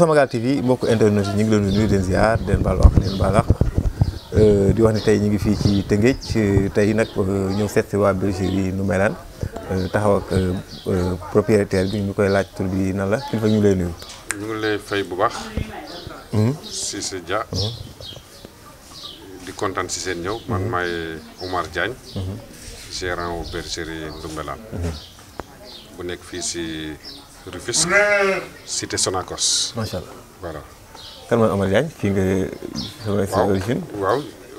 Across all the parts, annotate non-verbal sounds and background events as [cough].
mbokk TV mbokk internet ñi ngi leen di nuyu den ziar den bal wax den balax euh di wax ni tay ñi ngi fi ci Tëngéej tey nag ñëw seet si waa bergerie Nouméran Eh, taxaw ak eh, eh, propriétaire bi ñu koy laaj tur bi nan la kilifa ñu lay nuyu. ñu ngi lay fay bu baax. Hmm? Hmm? si seen ñëw man hmm? si Rufisque cité Sonacos. macha allah voilà. kan mooy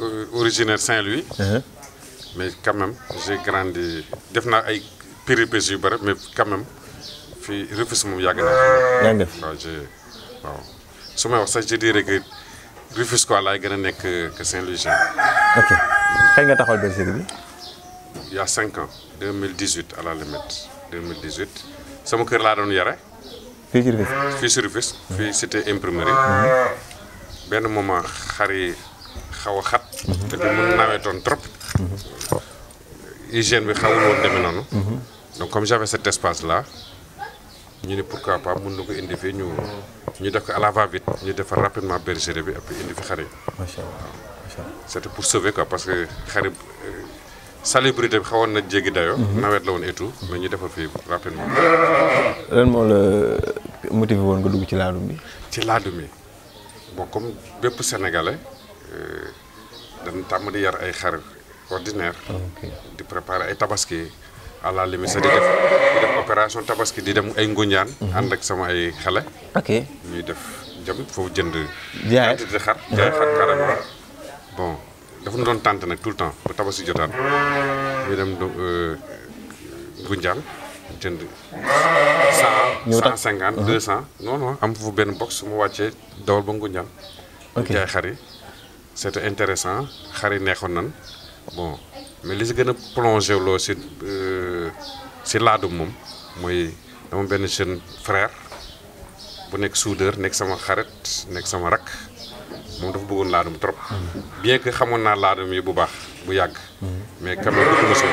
euh, originaire Saint-Louis. Uh-huh. mais quand même j'ai grandi def naa ay péripéties yu bëri mais quand même fii Rufisque moom yàgg naa. yaa waaw su may wax sax je dirais que Rufisque quoi laay gën a nekk que Saint-Louisien. ok kañ nga taxawal bergerie bi. il y a cinq ans 2018 à la limite 2018 sama kër laa doon yare. fii ci Rufisque fii ci Rufisque. fii cité mhm. benn moment xar yi xaw xat. Mhm. te du mu nawetoon trop. Mhm. hygiène bi xamul woon demee noonu. donc comme j'avais cet espace là ñu ne pourquoi pas mun na ko indi fi ñu ñu def ko à la va-vite ñu defar rapidement bergerie bi après indi fi xar yi. macha allah macha allah c'était pour sauver quoi parce que xar yi salubrité bi xawoon na jéggi dayoo. Mhm. nawet la woon et tout mais ñu defar fi rapidement. lan moo la motivé woon nga dugg ci laadum bi. ci laadum bi bon comme bépp sénégalais euh, dañ tàmm di yar ay xar. ordinaire ah, okay. di préparer ay tabaski ala limi sa di def def opération tabaski di dem ay ngunjaan and mhm. ak sama ay xalé ok ñu def jëm foofu jënd jaay xar jaay xar karam bon dafa ñu don tante nak tout temps ba tabaski jotaan ñu dem do euh, ngunjaan jënd cent cent cinquante mhm. deux cent non non am foofu ben box mu wacce dawal ba ngunjaan jaay xar yi c'était intéressant xari yi nan mais li si gën a plongé loo si euh, si laadum moom mooy dama benn jeune frère bu nekk soudeur nekk sama xarit nekk sama rak moom dafa bëggoon laadum trop. bien que xamoon naa laadum yi bu baax bu yàgg. mais quand même dugg na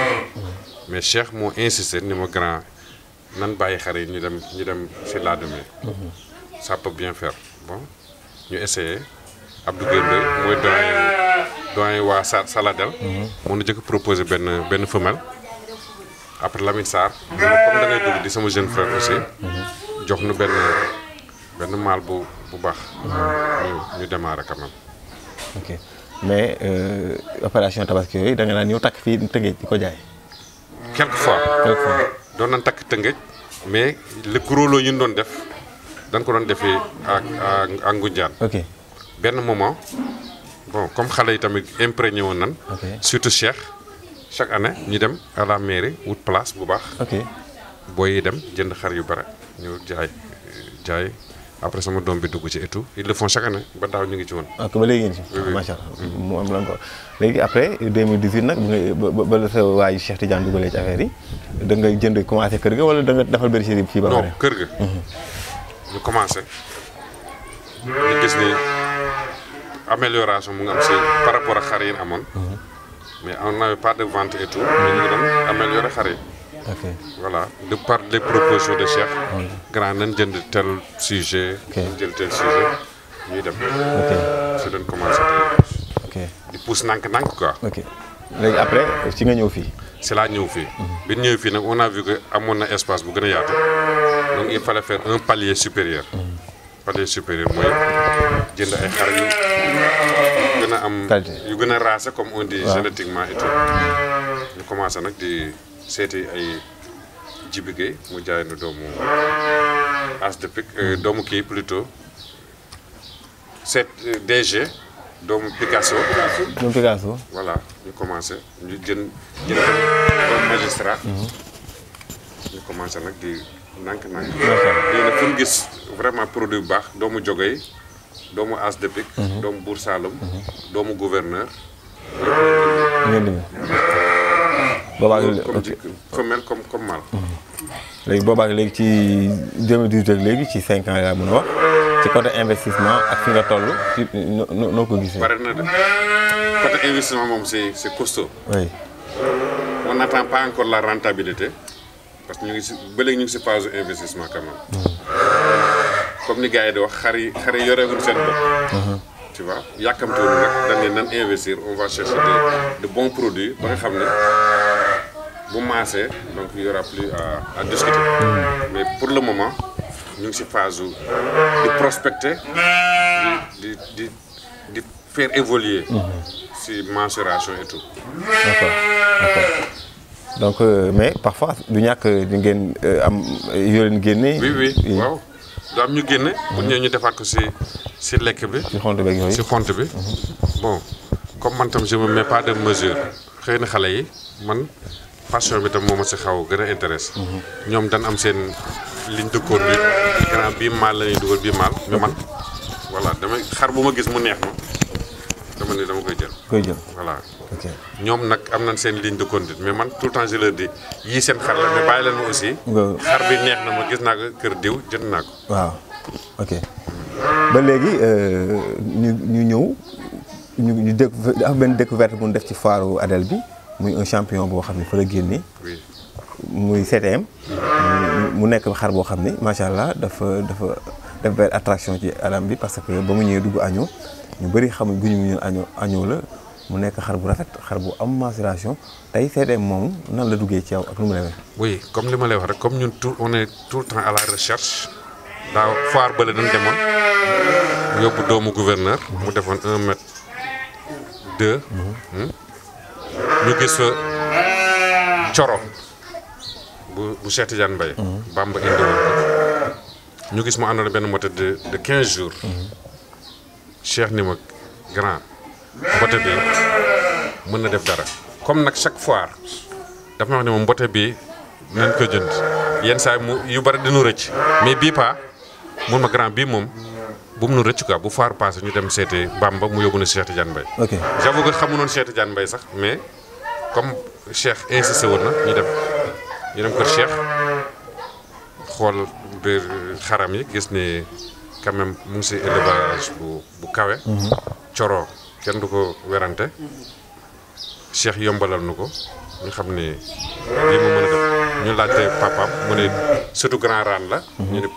mais Cheikh moo insisté ni ma grand nan bàyyi xare yi ñu dem ñu dem si laadum yi. ça peut bien faire bon ñu essayé Abdou Gueye mooy doyen. doyen wa sar saladel mo nu jëk proposer ben ben femelle après Lamine sar comme da ngay dugg di sama jeune frère aussi jox nu ben ben mal bu bu baax ñu démarrer démarré quand même ok mais euh, opération tabaski yooyu da nga naan tak fi teugé diko jaay quelque fois quelque fois doon nañ tak teugé mais le gros lo ñu don def dan ko don defé ak ak ngudjan ok ben moment bon comme xale yi tamit imprégné woon nan surtout Cheikh chaque année ñu dem à la mairie wut place bu baax. ok booy yi dem jënd xar yu bare ñu jaay jaay après sama doom bi dugg ci et tout ils le font chaque année ba daaw ñu ngi ci woon. ok ba léegi incha allah macha mm-hmm. allah mu am lan ko léegi après 2018 nag ba ba la sa waayu Cheikh Tidiane dugalee ci affaire yi da nga jënd commencé kër ga wala da nga defal bergerie bi fii ba pare. non kër ga. Mm-hmm. ñu commencé. ñu gis ni. amélioration mu ngam par rapport à xar yi mhm. mais on n'avait pas de vente et tout. mais ñu ngi doon améliorer xar voilà de par les propositions de chef. grand nañ jënd tel sujet. jël tel sujet ñuy dem. ok su doon commencé. ok di pousse nànk-nànk quoi. ok léegi après ci nga ñëw fii. c'est là ñëw fii. Mhm. bi ñu ñëwee fii nag on a vu que amoon espace bu gën a donc il fallait faire un palier supérieur. Mhm. palier supérieur mooy jënd ay xar yi. am yu gëna rasé comme on dit génétiquement et tout ñu commencé nak di sété ay jibigé mu jaay nu doomu as de pic euh, doomu ki plutôt set euh, DG doomu Picasso. doomu Picasso. voilà ñu commencé ñu jën jën magistrat. Mhm. ñu commencé nak di nank nank. lii nag fu gis vraiment produit bax doomu doomu As de Pique. Mhm. doomu Buur Saalum. Mhm. doomu gouverneur. ngeen di boobaa comme mhm. léegi boobaa léegi ci 2018 ak léegi ci 5 ans yaa a wax ci côté investissement ak fi nga toll noo ko gisee. pare na de côté investissement moom c'est c'est costaud. oui. on encore la rentabilité parce que ñu ngi si ba léegi ñu ngi si phase investissement quand comme les gars yi di wax xar yi xar yi yorewuñ seen bopp. Uh-huh. tu vois yàkkamtuwul nag dañ ne nan investir on va chercher de de bons produits ba nga xamné bu donc il y aura plus à à discuter. Mm. mais pour le moment nous ngi phase de prospecter di di di faire évoluer. Mm-hmm. si mensuration et tout. d'accord d'accord. donc euh, mais parfois du ñàkk di ngeen euh, am yoo leen oui oui Wow. du ñu génné bu ñëw ñu defaat ko si si lekk bi. si xont bi si xont bi. bon comme man tam je me mets pas de mesure xeyna xalé yi man passion bi tam moma ci xaw gëna intérêt ñom dañ dan am seen liñ de bi grand bi mal la ñuy dugal bii maal mais man voilà dama xar buma gis mu neex ma dama ni dama koy jël. koy jël voilà. ñoom nag am na seen ligne de conduite mais man tout le temps je leur yii seen xar la mais gis naa kër diw jot naa ko. ba léegi euh, ñu ñu ñëw ñu ñu dé dafa benn découverte bu def ci foiru Adel bi muy un champion boo xam ne fa la génne. muy mu nekk xar boo xam ne macha allah dafa dafa def benn attraction ci alam bi parce que ba mu ñëwee dugg añoo ñu bëri xamuñ guñu ñu añoo añoo la. mu nekk xar bu rafet xar bu am maturation tey CDM moomu nan la duggee ci yow ak nu mu demee. comme li ma lay wax rek comme ñun tout on est tout le temps à la recherche daaw foire bële dañ demoon yóbbu doomu gouverneur. mu defoon un mètre deux. Hmm. ñu gis fa coro bu bu Cheikh Tidiane Mbaye. Hmm. Bamba ñu gis mu àndoon benn moto de de jours. Hmm. Cheikh ni ma grand. mbote bi mën na def dara comme nag chaque fois dafa ma wax ne mu mbote bi nañ ko jënd yenn saa mu yu bari dinu rëcc mais bii paa mun ma grand bii moom bu mu nu rëcc quoi bu foire passé ñu dem seeti Bamba mu yóbbu na Cheikh Tidiane Mbaye. ok j'avoue que xamu sax mais comme Cheikh insisté woon na ñu dem ñu dem kër Cheikh xool biir xaram yi gis ni quand même mu ngi si élevage bu bu kawe. Mhm. coro kenn du ko werante Cheikh yombalal nu ko ñu xam ne lii mu mën a def ñu laajte papaam mu ne surtout grand raan la ñu ne nekk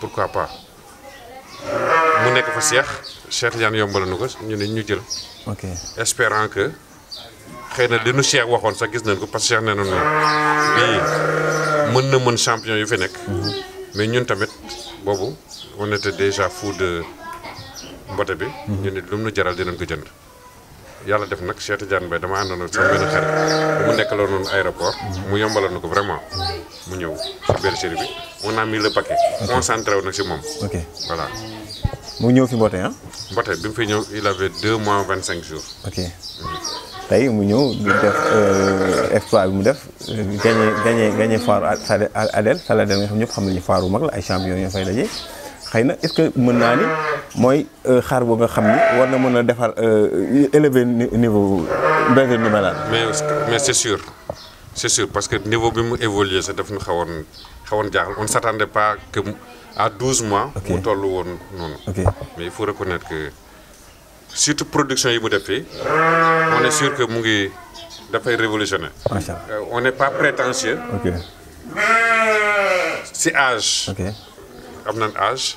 fa Cheikh Cheikh Tidiane yombalal nu ko ñu ne ñu jël ok que xëy na li nu Cheikh waxoon sax gis nañ ko parce que ne nu nañu bii mën na mën champion yu fi nekk mais ñun tamit boobu on était déjà fou de bi mm-hmm. ñu ne lu mu nu jaral dinañ ko jënd yàlla def nag Cheikh Tidiane Mbaye dama àndoon ak sama benn xarit mu nekk loolu noonu aéroport mu yombalal na ko vraiment mu ñëw ci bergerie bi on a mis moom. voilà. mu ñëw fi Mbote ah. Mbote bi mu fi ñëw il avait deux mois vingt cinq jours. ok tey mu ñëw di def euh, exploit bi mu def gagné gagné gagné foire Adel Saladel nga xam ñëpp xam ñu foire bu mag la ay champion ñoo fay daje. est-ce que mën naa ni mooy euh, xaar boo nga xam ni war euh, niveau de la maladie mais c'est sûr c'est sûr parce que le niveau bi mu évolué On daf s'attendait pas que à 12 mois. mu toll woon noonu. mais il faut reconnaître que surtout production yi mu on est sûr que mu ngi révolutionner. Euh, on n'est pas prétentieux. C'est si âge.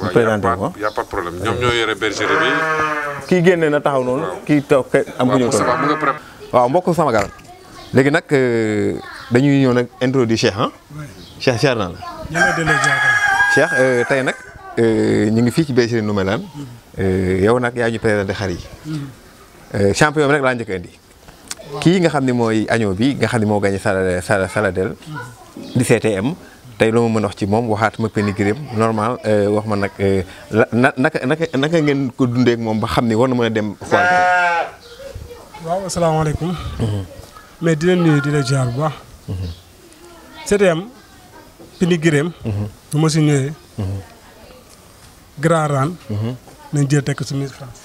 waaw y' a pas de ñoom ñoo yore bergerie bi. kii génne na taxaw noonu. kii taw am bu ñëw toog waaw mbokk sama gaal. léegi nag euh, dañuy ñëw nag introduit Cheikh ah. Cheikh naa la. Cheikh euh, tey nag euh, ñu ngi fii ci bergerie Ndoumbelane. Mm-hmm. yow nag yaa ñu présenté xar yi. Mm-hmm. champion bi nag laa njëkk a indi. kii nga xam ne mooy agneau bi nga xam ne moo gagné Saladel Saladel mm-hmm. di CTM. tey loo ma mën wax ci moom waxaat ma pénigrém normal euh, wax ma nag euh, na naka ngeen ko dundee moom ba xam ni war na mën dem xool. waaw asalaamaaleykum. Mhm. mais di la nuyu di la jaar bu baax. CTM mhm. mhm. bu ma si ñëwee. grand ran. nañ jël tekk su 1000 francs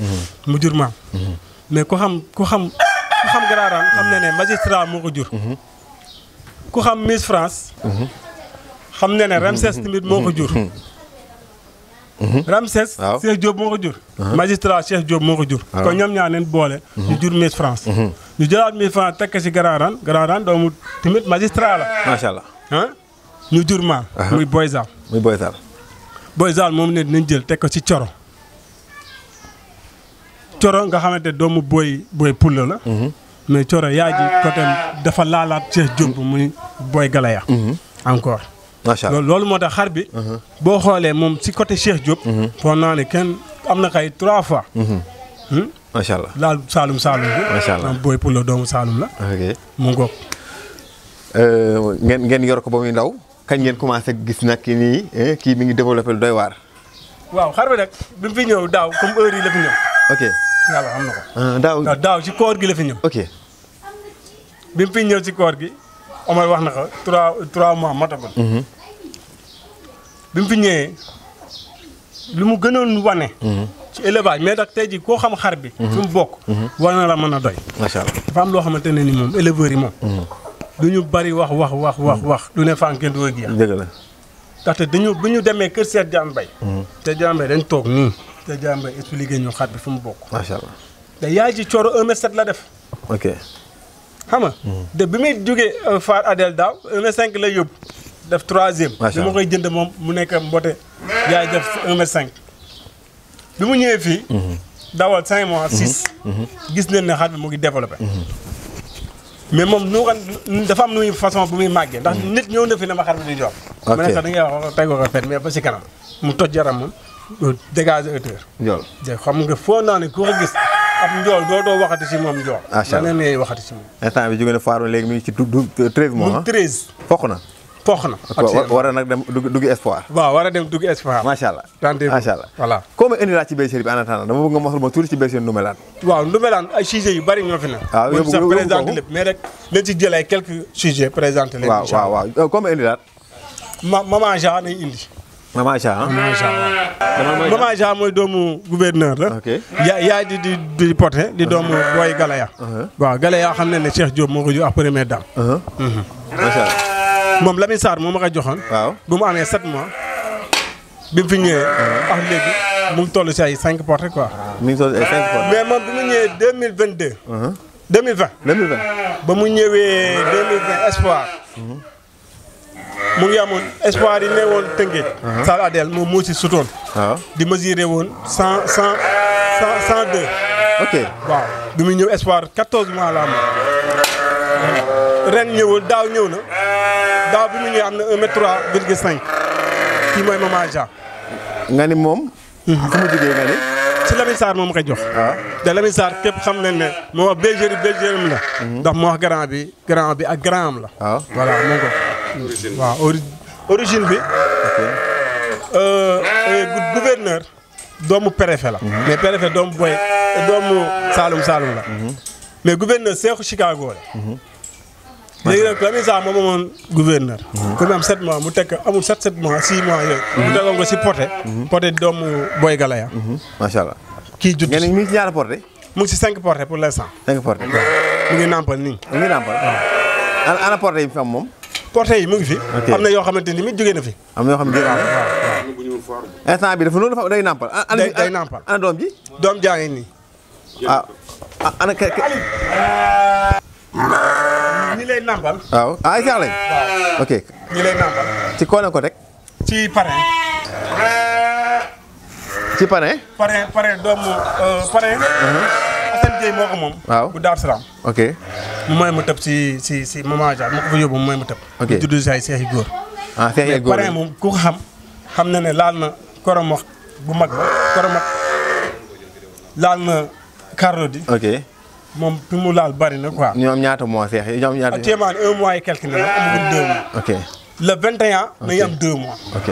mu jur maam. mais ku xam ku xam ku xam grand ran xam na ne magistrat moo ko jur. ku xam 1000 francs xam na ne Ramses tamit moo ko jur. [laughs] Ramses. waaw Cheikh Diop moo ko jur. Uh-huh. magistrat Cheikh Diop moo ko jur. kon ñoom ñaa leen boole. Uh-huh. ñu jur Miss France. Uh-huh. ñu jëlaat Miss France tekk ci Grand Rane doomu tamit magistrat la. macha allah ah ñu jur maar. muy Boyzal. muy moom ne dinañ jël teg ko ci Coro. Coro nga xamante doomu Boy Boy Pulla la. mais Coro yaa ji côté dafa laalaat Cheikh Diop muy Boy Galaya. encore. macha allah loolu moo tax xar bi. Uh-huh. boo xoolee moom si côté Cheikh Diop. Uh-huh. foog naa ne kenn am na kay trois fois. Uh-huh. Hmm? macha allah laal Saalum Saalum bi. macha allah booy pour la doomu Saalum la. ok mu euh, ngeen ngeen ko ba muy ndaw kañ ngeen commencé gis nag ki nii eh, kii mi ngi développé lu doy waar. waaw xar bi nag bi mu fi ñëw daaw comme heure yi la fi ñëw. na ko. Ah, daaw daaw ci koor gi la fi ñëw. bi mu fi ñëw ci koor gi. Omar wax na ko trois trois mois matagul. Mhm. bi mu fi ñëwee li mu gënoon wane. Mhm. ci élevage mais nag tey jii koo xam xar bi. fi mu bokk. war na la mën a doy. macha allah dafa am loo xamante ne ni moom éleveurs yi moom. Mhm. du ñu bari wax wax wax wax wax du ne fànn kenn du ko géex. dëgg ndaxte dañu bu ñu demee kër Seydou Diame Mbaye. Seydou Diame Mbaye dañ toog nii. Seydou Diame Mbaye expliqué ñu xar bi fi mu bokk. macha allah te yaay ji cooro 1 mètre la def. xam nga. te bi muy jógee euh, Far Adel daaw 1m5 lay yóbbu. def troisième. macha allah li koy jënd moom mu nekk mbote. yaay def 1m5. bi mu ñëwee fii. Mhm. dawal 5 mois 6. Mhm. Mhm. gis nañ ni xar bi mu ngi développé. mais moom nu nga dafa am nuy façon bu muy màggee ndax nit ñëw ne fi ne ma xar bi di jox. ok mu ne ko da ngay wax teg ko ko fet mais ba si kanam. mu toj yaram moom dégage hauteur. yow xam nga foo naa ne ku ko gis. am njool dootoo waxati si moom njool. macha allah leneen lay si moom. instant bi jóge na foire léegi mi ngi ci du mois ah. treize. na. foq na war a dugg espoir. war ma indi laa ci bergerie bi en attendant dama bëgg nga mosal ma tuuti ci bergerie Ndoumbélane. waaw ah, ma ma maman Jean nañ indi. Mama Aïcha ah Mama mooy doomu gouverneur la. ok ya yaay di di di pote di doomu booy Galaya. Uh-huh. waaw Galaya xam ne ne Cheikh Diop moo ko jur ak première dame. Uh-huh. Mhm. macha allah moom Lamine moo ma ko joxoon. waaw bu mu amee 7 mois. bi mu fi ñëwee. Uh-huh. ak léegi mu ngi toll si ay 5 portes quoi. mi ngi toll mais moom bi mu ñëwee 2022. ba mu ñëwee 2020 mu ngi amoon espoir yi ne woon tënkee. Uh-huh. Sall Adel moom moo si sutoon. Uh-huh. di mesurer woon cent cent cent cent deux. waaw bi muy ñëw espoir quatorze ma la am ren ñëwul daaw ñëw na daaw bi mu ñëw am na un mètre mooy Mama Dia. nga ni moom. Hmm. fu mu jugee nga ni. ci Lamine Sarr moom koy jox. waaw ah. te Lamine Sarr xam nañ ne moo wax bergerie bergerie la. Hmm. ndax moo wax grand bi grand bi ak grand am la. waaw ah. voilà ko. origine waaw ori origine bi. Euh, euh, gouverneur. doomu préfet la. Mhm. mais préfet doomu boy doomu Saalum Saalum la. Mhm. mais gouverneur seexu Chicago la. Mhm. léegi nag Lamine Sarr moom amoon gouverneur. ku mu am mu teg amul 7 set mois 6 mois yooyu. mu tegoon ko si Poté. Poté doomu Boy Galaya. macha allah. kii judd ngeen mi ngi mu ngi si 5 porté pour l' instant. 5 porté mu ngi nàmpal nii. ana porté yi fi moom. porté yi mu ngi fi. am na yoo xamante ni mi jóge na fi. am na yoo xam ne waaw instant bi dafa loolu dafa day nàmpal. ana doom ji. doom jaa ngi nii. ah, ah lay nàmpal. waaw ah ay lañ. ok ñi lay nàmpal. ci koo ko rek. ci parrain. ci parrain. parrain doomu euh, parrain. Uh-huh. Assane moom. waaw bu Daaru Salaam. ok mu may mu tëb si si si maman Dia ma ko fa yóbbu mu may mu tëb. ok mu judd si ay seex yu góor. ah seex yu góor mais moom ku ko xam xam na ne laal na koromox bu mag ba koromox laal na carlo di. ok moom mu laal bari na quoi. ñoom ñaata mois seex yi ñoom ñaata. actuellement ah, un mois et quelque ne la amagul deux le 21. am deux mois. ok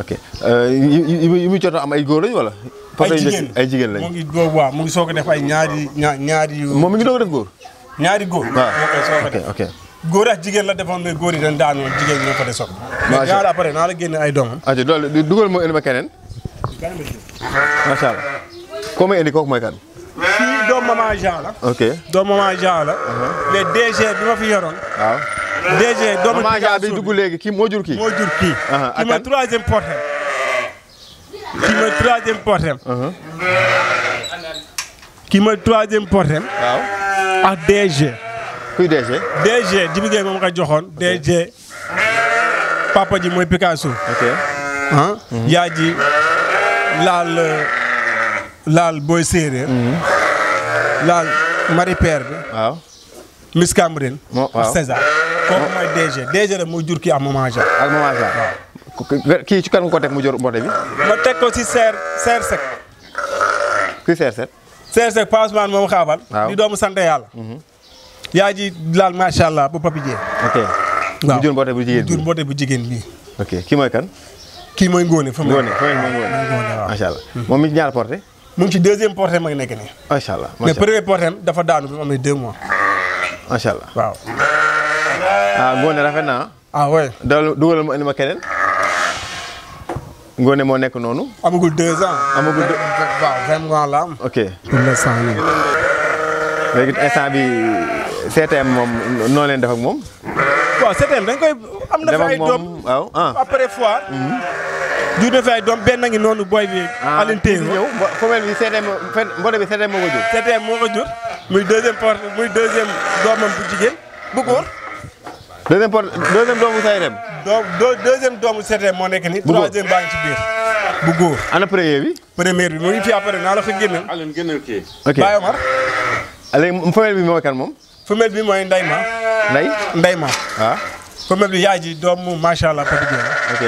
ok yi yi yi muy jot am ay góor lañu wala. ay jigéen ay jigéen lañ mu ngi góor waaw mu ngi soog a def ay ñaari ñaari. moom mi ngi doog a def góor. ñaari góor. waaw ah, ok ok góor ak jigéen la defoon mais góor yi dañ daanoo jigéen ñoo ko de sotti. macha allah mais après naa la génne ay doomam. macha allah loolu dugal ma indi ma keneen. macha allah. koo may indi kooku mooy kan. kii doomu maman Jean la. ok doomu maman Jean la. mais uh-huh. DG bi ma fi yoroon. waaw. DG doomu. maman Jean bi dugg léegi kii moo jur kii. moo jur kii. Uh-huh, kii mooy troisième porté. qui mooy troisième portem qui mooy troisième portem waaw ak DG. kuy DG. DG Jibi Gueye moom nga joxoon. DG papa ji mooy Picasso. ok ah. Mhm. yaa ji laal laal booy séeréer. Mhm. laal Marie Père waaw. Miss Cambérène. waaw César. comme moi DG DG la moo jur kii ak Maman Jean. ak Maman Jean kii ci kan nga ko teg mu jor mbote bi. ma teg ko ci seer seer sec. ci seer sec. seer sec Pa Ousmane moom xaabal. waaw di doomu sant yàlla. Mhm. yaa ji laal macha allah bu papi jee. ok waaw mu jur mbote bu jigéen bi jur mbote bu jigéen bi. ok kii mooy kan. kii mooy Ngone fa mu. Ngone fa mu Ngone waaw macha allah. Mhm. moom mi ci ñaar porté. mu ngi ci deuxième porté ma nekk nii. macha allah mais premier porté dafa daanu bi mu amee deux mois. macha allah waaw. ah Ngone rafet naa. ah, ah oui. daal dugalal ma indi ma keneen. ngone mo nek noonu. amagul 2 ans. amagul ans? ok ans instant bi def ak mom wa CTM dang koy. na ah. après mhm. ay ngi boy bi. ans, ah, vous bi CTM fen bi CTM muy deuxième porte muy deuxième domam bu 2 bu deuxième deuxième doo deuxième doomu seetee moo nekk ni bu góor baa ngi ci biir bu góor. ana premier bi. premier bi mu ngi fi après naa la fa génneel. Alioune génneel kii. ok Baye Omar. bi mooy kan moom. femelle bi mooy Ndeyma. Ndey Ndeyma. waaw ah. femelle bi yaay ji doomu macha allah Fatou ok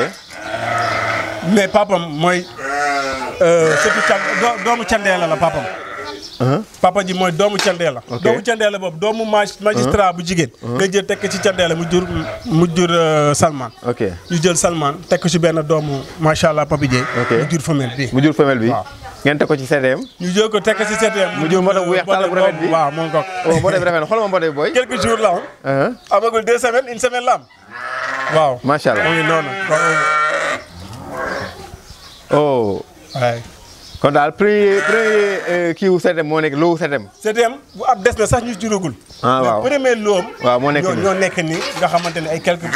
mais papam mooy. Euh, surtout can doomu Candela la papam. Uh-huh. papa ji mooy doomu candeela doomu candeela boobu doomu uh-huh. magistrat bu jigéen uh-huh. nga jël tekk ci candeela mu jur mu jur uh, Salman ok ñu jël Salman tekk ci benn doomu macha allah papa ji mu jur femelle bi mu jur femelle bi waaw ngeen teg ko ci CTM ñu jël ko tekk ci CTM mu jur mboote bu weex tàll bu rafet bi waaw moom ko oh, mboote bi rafet xool ma mboote bi booy quelques jours la am amagul deux semaines une semaine la am waaw macha allah mu noonu oh kon daal premier premier euh, kii wu setem moo nekk loowu setem setem bu ab des na sax ñu juragul ah waaw premier loom waaw moo nekk ñoo nekk ni nga xamante ne ay quelque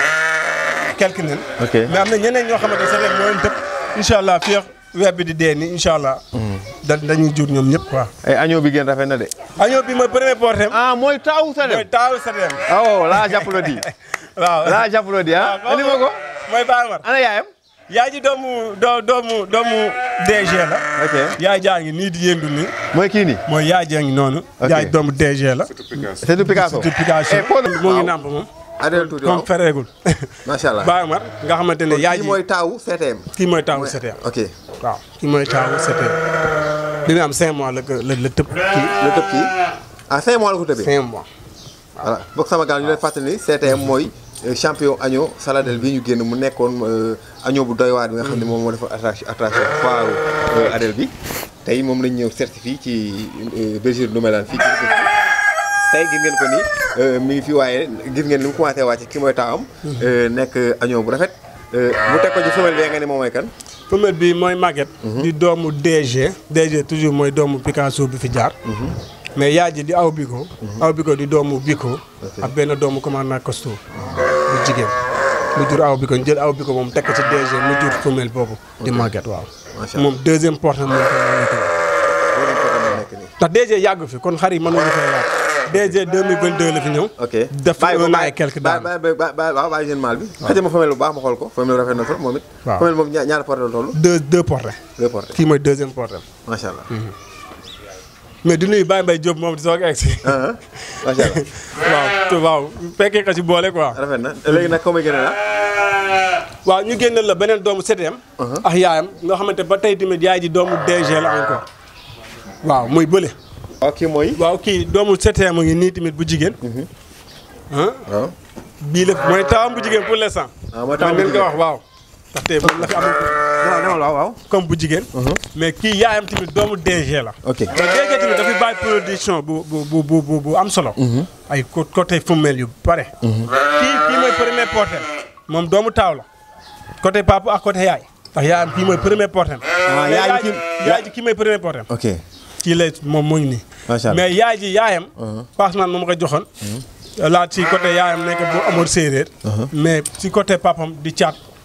quelque nen na ñeneen ñoo xamante setem moo leen tëpp incha allah fii weer bi di dee ni incha allah hmm. da dañuy jur ñoom ñëpp quoi. ay eh, agneau bi gën rafet na de. agneau bi mooy premier portem. ah mooy taawu Sadem mooy taawu Sadem. Oh, [laughs] ah waaw laa jàppaloo di. waaw laa jàppaloo di ah. andi ko mooy Baamar ana yaayam. yaay ji doomu doomu doomu DG la. ok yaay jaa ngi nii di yëndu nii. mooy kii nii mooy yaay jaa ngi noonu. ok yaay doomu DG la. c'est du Picasso c'est du Picasso. Eh, mu ngi nàmp moom. adel tuuti waaw comme fereegul. macha allah [laughs] nga xamante ne yaay ji kii mooy taawu CTM. kii mooy taawu CTM. ok waaw kii mooy taawu CTM. bi nga am 5 mois la la la tëb kii. la tëb kii ah 5 mois fàttali CTM mooy. Euh, champion agneau saladel bi ñu génn mu nekkoon euh, agneau bu doy waar bi nga xam ne moom moo defa attraction attraction foire euh, Adel bi tey moom lañ ñëw certifié ci bergerie Ndoumbélane fii tey gis ngeen ko ni mi ngi fi waaye gis ngeen ni mu commencé wàcce ki mooy taawam nekk agneau bu rafet mu teg ko ci femelle bi nga ne moom mooy kan femelle bi mooy Maguette mhm. di doomu DG DG toujours mooy doomu Picasso bi fi jaar mhm. mais yaay ji di aw biko mhm. aw biko di doomu biko ak benn doomu jigéen mu jur aw bi ko jël aw bi ko moom teg ko ci DG mu jur femelle boobu. di màgget waaw. moom deuxième porte moo nekk nii. ndax DG yàggu fi kon xar yi mënuñu ko yàgg. DG 2022 la fi ñëw. ok def un an et quelques daan bàyyi bàyyi bàyyi waaw bàyyi jeune mâle bi. waaw xëj ma femelle bu baax ma xool ko femelle rafet na trop moom it. waaw femelle moom ñaar portée la toll. deux deux portées. deux portées kii mooy deuxième portée. macha allah. Mhm. mais du nuyu Baye Mbaye Diop moom di soo a egg si. Ah, ah. macha allah [laughs] waaw waaw fekkee ko si boole quoi. rafet na léegi nag comme gën waaw ñu génneel la beneen doomu CTM. Uh-huh. ak yaayam nga xamante ba tey tamit yaay ji doomu DG la encore waaw muy bële. waaw kii mooy. waaw kii doomu CTM ngi nii tamit bu jigéen. ah. bii la mooy tawam bu jigéen pour l'instant. ah mooy ko wax waaw. ndaxte moom la fi amul. comme bu uh-huh. mais qui yaayam tamit doomu DG la. ok te DG tamit dafay production bu bu am solo. Uh-huh. ay côté femelle yu paraît. Qui, le premier porteur côté papa à côté yaay. y a un premier porteur. Ah, yaay ji premier porteur. ok Qui est mon mais yaay uh-huh. ci côté y a bu amour mais côté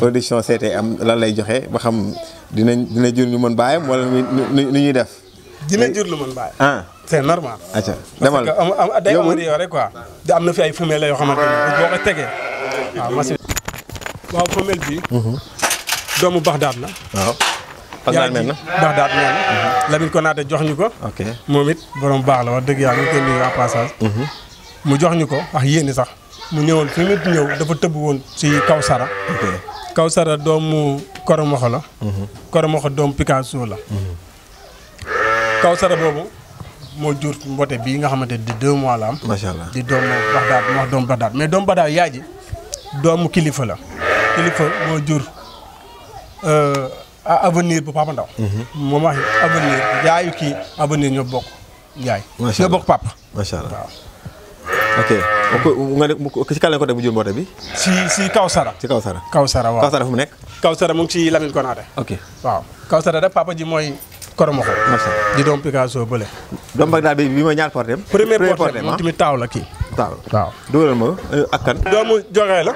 production seetee am lan lay joxe ba xam dinañ dina jur ñu mën bàyyam wala nu ñuy def. dina jur lu mën bàyyi. ah c'est normal. acca demal parce rek quoi. am na fi ay femelle la yoo xamante ne boo ko tegee. waaw machine waaw femelle bi. Mhm. doomu Baxdaad la. waaw. Baxdaad mel na Baxdaad mel na. ko Konaté jox ñu ko. ok moom it borom baax la wax dëgg yàlla ñu koy nuyu en passage. Mhm. mu jox ñu ko ak yéen sax mu ñëwoon fi mu ñëw dafa tëb woon ci kaw sara. Kawsara doomu Koromoxo la. Koromoxo doomu Picasso la. Kawsara boobu moo jur mbote bi nga xamante di deux mois la am. di doomu Baxdaad mu wax doomu Baxdaad mais doomu Baxdaad yaay ji doomu kilifa la. kilifa moo jur euh, avenir bu Papa Ndaw. Mhm. moom wax avenir yaayu kii avenir ñoo bokk yaay. ñoo bokk papa. macha allah waaw. ok nga ne si kan lañ ko def bu jëm woote bi. si si Kawsara. si Kawsara Kawsara waaw Kawsara fu mu nekk. Kawsara mu ngi ci Lamine Konaté. ok waaw Kawsara rek papa ji mooy Koromoko. macha allah di doom Picasso bële. doom Bagdad bi bi mooy ñaar portem. premier portem moom ah. tamit taaw la kii. taaw waaw dugalal ma euh, ak kan. doomu joxe la.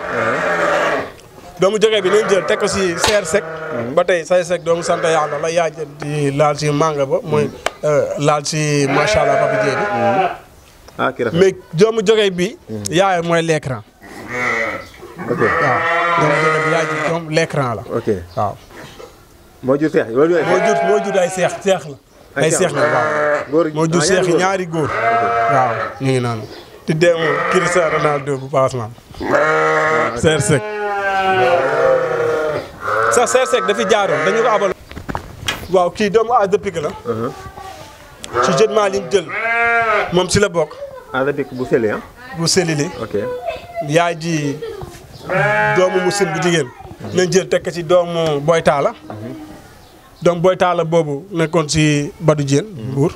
doomu jógee bi nañ jël teg ko si seer sec mm-hmm. ba tey say sec doomu sant yàlla la yaa jël di laal si manga ba mooy mm-hmm. euh, laal si macha allah papi jéeri Ah, mais doomu jógee bi. Hmm. yaayam mooy l'écran. ok waaw bi yaay ji doom l'écran la. moo jur seex moo jur moo jur ay seex seex la. ay seex moo jur seex ah, yi ñaari góor. waaw ngi noonu. di dem Cristiano Ronaldo bu paas man. Seer Seck. sax Seer Seck dafi jaaroon dañu ko abal. waaw kii doomu aas de pique la. Uh-huh. ci jeune jël moom si la bok Arabic Busele ah. Busele. Ah? ok yaay ji doomu muslim bu jigéen. Mhm. nañ jël tekk ci doomu Boy Talla. Mhm. doomu Boy Talla boobu nekkoon ci Badou Dieng. Mhm. Mbour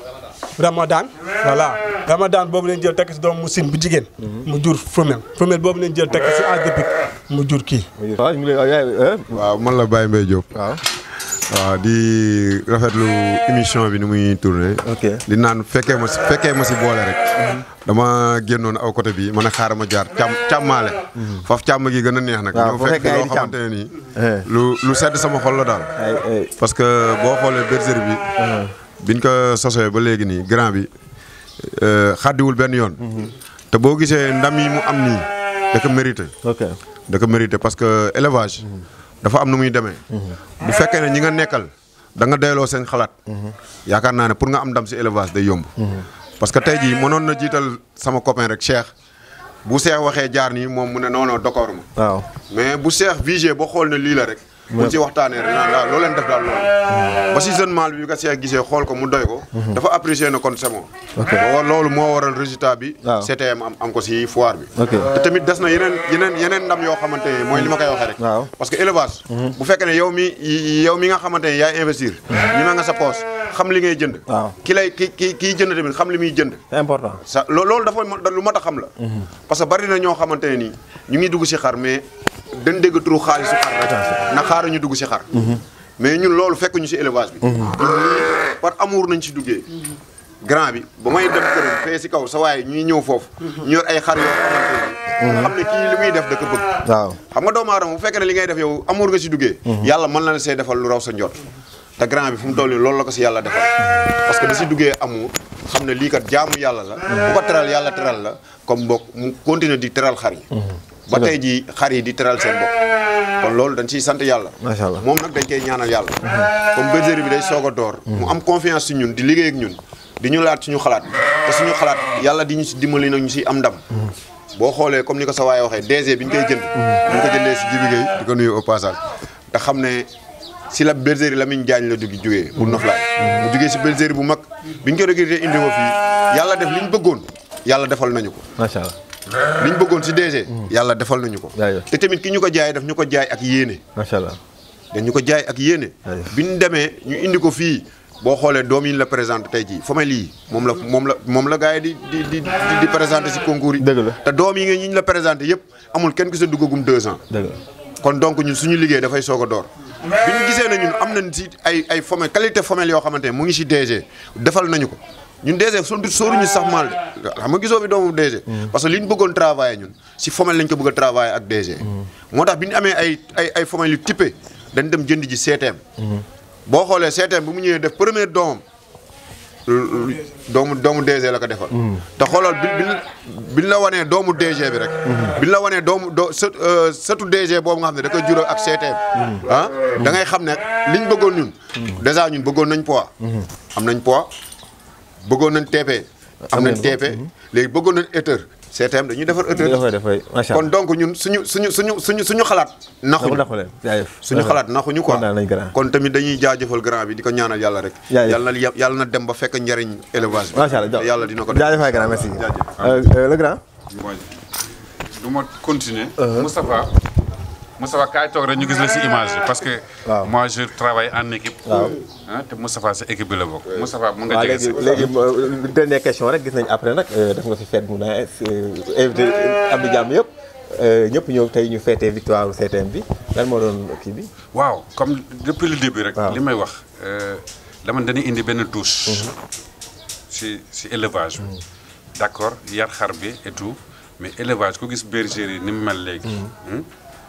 Ramadan. voilà Ramadan boobu lañ jël tekk ci doomu muslim bu jigéen. mu jur femelle femelle boobu lañ jël tekk ci Arabic mu jur kii. waaw ñu eh? la Baye Mbaye waaw. waaw di rafetlu émission bi ni muy tourné. ok di naan fekkee ma si fekkee ma si boole rek. Mhm. dama génnoon aw côté bi man a xaaral ma jaar càmm càmmaale. Mhm. foofu càmm gi gën a neex nag. waaw bu fekkee loo xamante ne nii. Eh. lu lu sedd sama xol la daal. parce que boo xoolee bergerie bi. Eh. biñ ko sosee ba léegi nii grand bi euh, xàddiwul benn yoon. Mhm. te boo gisee ndam yi mu am nii da ko mérité. da ko mérité parce que élevage. dafa am nu muy demee. bu fekkee ne ñi nga nekkal da nga delloo seen xalaat. yaakaar naa ne pour nga am ndam si élevage day yomb. parce que tey jii mënoon na jiital sama copain rek Cheikh bu Cheikh waxee jaar nii moom mu ne non non ma. waaw mais bu Cheikh vigé ba xool ne lii la rek. buñ si waxtaanee rek naan waaw loo leen def daal loolu ba si jeune mal bi ko see gisee xool ko mu doy ko mhm. dafa apprécier na kon c'est bon loolu moo waral résultat bi CTM am am ko si foire bi te tamit des na yeneen yeneen yeneen ndam yoo xamante ne mooy li ma koy waxee rek parce que élevage mhm. bu fekkee ne yow mi yow mi nga xamante ne yaay investir mhm. ñi ma nga sa poche xam li ngay jënd ki lay ki ki kiy jënd tamit xam li muy jënd c'est important sa loolu dafa lu mat a xam la mhm. parce que bari na ñoo xamante ñu ngi dugg si xar mais dañ dégg turu xar na ñu dugg xar mhm. mais ñun loolu fekk ñu élevage bi mhm. par amour nañ si duggee grand bi ba may dem këram fee si kaw sa waaye ñuy ñëw foofu ñu yor ay xar yoo xamante xam ne kii li muy def da ko bëgg waaw xam nga bu li ngay def yow amour nga si duggee yalla mën la see defal lu raw sa te grand bi fi mu toll nii loolu la ko si yàlla defal parce que da si duggee amour xam ne lii kat jaamu yàlla la. bu ko teral yàlla teral la comme mbokk mu continuer di teral xar yi. Mm-hmm. ba tey jii xar yi di teral seen bopp. kon loolu dañ ciy sant yàlla. macha allah moom nag dañ koy ñaanal yàlla. Mm-hmm. comme bergerie bi day soog a door. mu am confiance si ñun di liggéey ak ñun. di ñu laat suñu xalaat te suñu xalaat yàlla di ñu si dimbali nag ñu si am ndam. Mm-hmm. boo xoolee comme ni ko sa waay waxee DG bi ñu ko jëndee si Jibi Gueye di ko nuyu au passage te si la la Lamine Diagne la jógi jógee bu noflaay mu jógee si bergerie bu mag bi ñu ko recruté indi ma yàlla def li ñu bëggoon yàlla defal nañu ko macha allah li ñu bëggoon si DG yàlla defal nañu ko te tamit ki ñu ko jaay daf ñu ko jaay ak yéene macha allah ko jaay ak yéene bi ñu demee ñu indi ko fii boo xoolee doom yi la présenté tey jii famille yi moom la moom la moom la gars yi di di di di présenté si concours yi dëgg la te doom yi nga ñu la présenté yëpp amul kenn ku sa duggagum deux ans dëgg kon donc ñu suñu liggéey dafay soog a door bi ñu gisee ne ñun am nañ si ay ay femelle qualité femelle yoo xamante ne mu ngi si DG defal nañu ko ñun DG soo sóoruñu sax mal xam nga gisoo bi doomu DG. Mm. parce que li ñu bëggoon travailler ñun si femelle lañ ko bëgg a ak DG. Mm. moo tax bi ñu amee ay ay ay yu typé dañ dem jënd ji CTM. Mm. boo xoolee CTM bi mu ñëwee def première doomam. doomu doomu DG la ko defal. Mm-hmm. te xoolool bi bi biñ la wanee doomu DG bi rek. Mm-hmm. biñ la wanee doomu doo së euh, sëtu DG boobu nga xam ne da koy jural ak CTM. Mm-hmm. Ah, da ngay xam ne liñ bëggoon ñun. dèjà ñun bëggoon nañ poids. am nañ poids bëggoon nañ TP. am nañ TP léegi bëggoon nañ hauteur. CTM dañuy defar autorité kon donc ñun suñu suñu suñu suñu suñu xalaat naxuñu suñu xalaat naxuñu quoi kon tamit dañuy jaajëfal grand bi di ko ñaanal yàlla rek yàlla na yàlla dem ba fekk njëriñ élevage bi macha allah yàlla dina ko def jaajëfal grand merci euh, euh, le grand du ma continuer Moustapha Moustapha kaay toog rek ñu gis la ci image parce que. moi je travaille en équipe. waaw ah, te Moustapha c'est équipe bi la bokk. Moustapha mun nga jege si. waaw léegi léegi euh, dernière question rek gis nañ après nak euh, def nga ci fête mu ne euh, invité Abdou Diam jàmm yëpp ñëpp ñëw tey ñu féetee victoire CTM bi lan mo doon kii bi. waaw comme depuis le début rek. li may wax dama dañuy indi benn touche. Mhm. si si élevage mhm. d'accord yar xar bi et tout mais élevage ko gis bergerie ni mel léegi. Mhm. Hmm?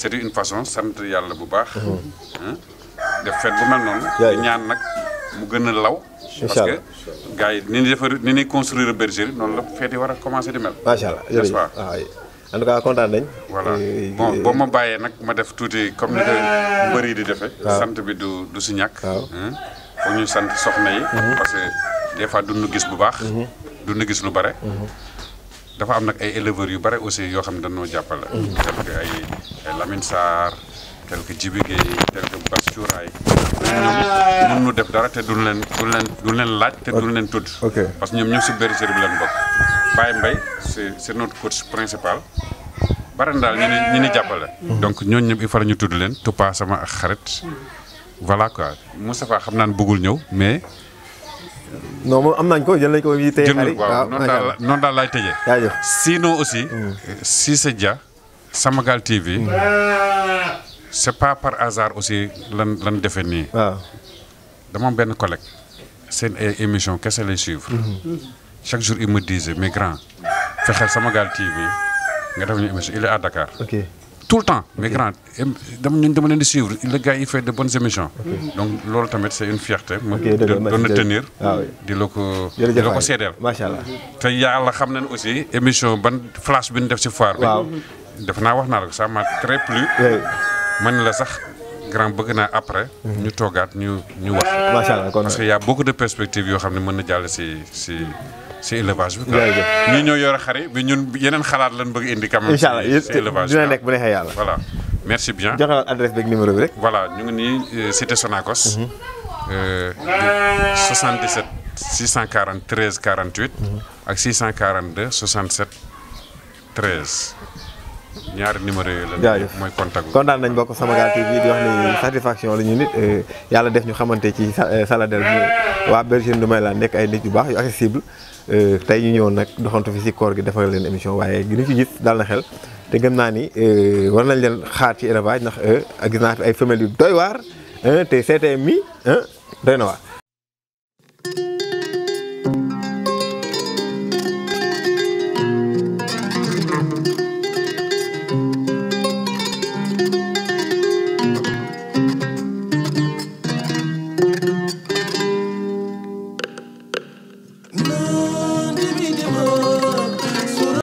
c'est une façon sant yàlla bu baax. def fête bu mel noonu. ñaan nag mu gën a law. incha allah parce que gars yi ni ñuy defar ni ñuy construire bergerie noonu la fête yi war a commencer di mel. macha allah n'est-ce pas ah, en tout cas kontaan boo ma bàyyee nag ma def tuuti comme ni ko mbër yi di defee. sant bi du du si ñàkk. waaw ñu sant soxna yi. parce que des fois gis bu baax. duñu gis lu bare. dafa am nak ay éleveur yu bari aussi yo xam ne jappal jàppale. quelque ay ay Lamine sar tel que jibige tel que Cuuraay. ñoom mënuñu def dara té duñ len duñ len duñ len laaj té duñ len tudd. parce ñom ñu ci si bergerie bi lañ bok Baye mbay c'est notre coach principal. barandal ñi ñi ni jappal donc ñooñu ñëpp il faut ñu tudd leen Toupa sama xarit. voilà quoi Moustapha xam naa ne bëggul mais. non moom am nañ ko jël nañ ko waaw ah, noonu daal noonu daal laay tëjee. jaajëf sinon aussi. Mm. Cissé Dia. Samagal TV. Mm. c'est pas par hasard aussi lan lan defe nii. waaw ah. dama am benn collègue. seen ay émission kese lay suivre. Mm-hmm. chaque jour il me disait mais grand fexeel Samagal TV nga def ñu émission il est à Dakar. tout le temps mais grand dama ñun dama leen di suivre le gars yi fait de bonnes émissions. donc loolu tamit c' est une fierté. ok dëgg la doon na tenir. Ah di la ko di la ko seedeel. te yàlla xam nañ aussi émission ban flash bi ñu def si foire bi. waaw def naa wax naa la ko ça m'a très plu. man la sax. grand bëgg naa après. Mhm. ñu toogaat ñu ñu wax. macha allah kon parce que y' a beaucoup de perspectives yoo xam ne mën na jàll si si. si élevage bi. jërëjëf ñi ñoo yor xar bi ñun yeneen xalaat lan bëgg indi. quand même incha allah si élevage dina nekk bu neexee yàlla. voilà merci bien joxe adresse beeg numéro bi rek. voilà ñu ngi nii euh, cité Sonacos. 77 643 48. ak 642 67 13. ñaari numéro yooyu la. jaajëf mooy contact kontaan nañ bokk sama gaal TV di wax ni satisfaction la ñu nit euh, yàlla def ñu xamante ci euh, Saladel waa may Ndoumaylane nekk ay nit yu baax yu accessible euh, tey ñu ñëw nag doxantu fi si koor gi defal leen émission waaye gi ñu ci gis dal na xel te gëm naa ni war nañ leen xaar ci élevage ndax gis naa fi ay femelles yu doy waar te seetee mi doy na waar.